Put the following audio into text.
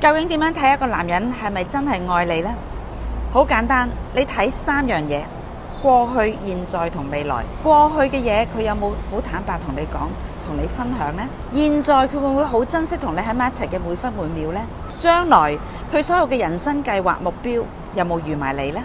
究竟點樣睇一個男人係咪真係愛你呢？好簡單，你睇三樣嘢：過去、現在同未來。過去嘅嘢，佢有冇好坦白同你講、同你分享呢？現在佢會唔會好珍惜同你喺埋一齊嘅每分每秒呢？將來佢所有嘅人生計劃、目標有冇預埋你呢？